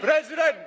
president!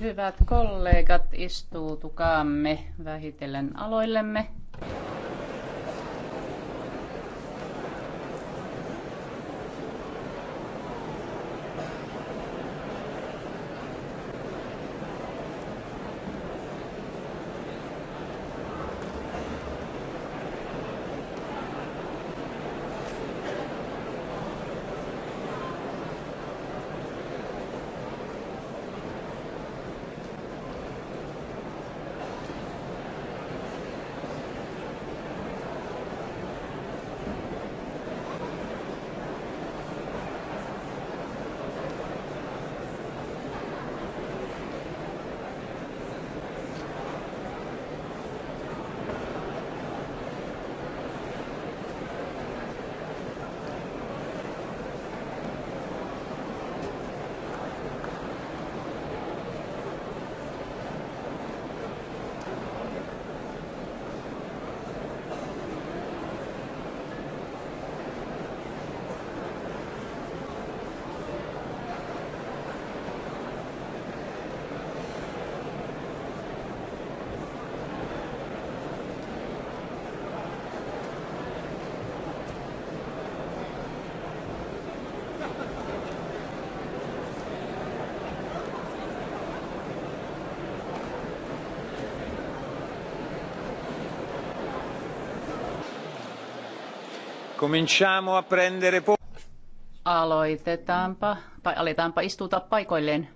Hyvät kollegat, istuutukaamme vähitellen aloillemme. Aloitetaanpa, tai aletaanpa istuta paikoilleen.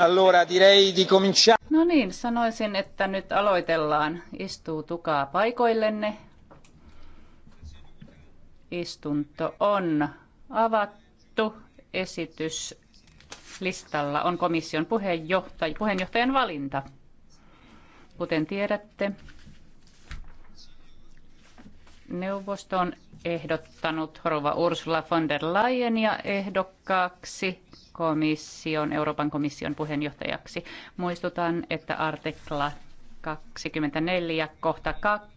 Allora direi di cominciare. No niin, sanoisin, että nyt aloitellaan. tukaa paikoillenne. Istunto on avattu. Esityslistalla on komission puheenjohtaj- puheenjohtajan valinta. Kuten tiedätte, neuvosto on ehdottanut rouva Ursula von der Leyenia ehdokkaaksi komission, Euroopan komission puheenjohtajaksi. Muistutan, että artikla 24 kohta 2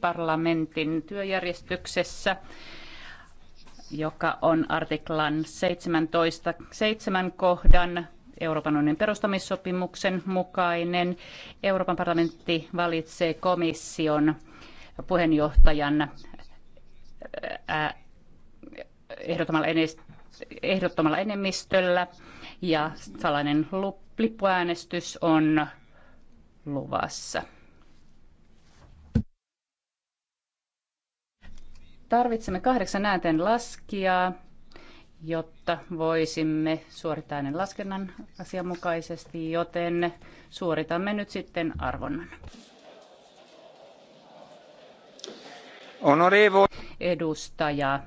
parlamentin työjärjestyksessä joka on artiklan 17, 7 kohdan Euroopan unionin perustamissopimuksen mukainen. Euroopan parlamentti valitsee komission puheenjohtajan ehdottomalla, ehdottomalla enemmistöllä ja salainen lippuäänestys on luvassa. Tarvitsemme kahdeksan äänten laskijaa, jotta voisimme suorittaa äänen laskennan asianmukaisesti, joten suoritamme nyt sitten arvonnan. Honorevo. Edustaja,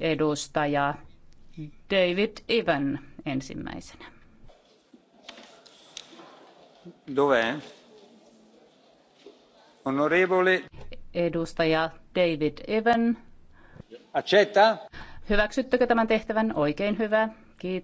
edustaja David Ivan ensimmäisenä. Dove? Onorevole Edustaja David Evan. Accetta. Hyväksyttekö tämän tehtävän? Oikein hyvä. Kiitoksia.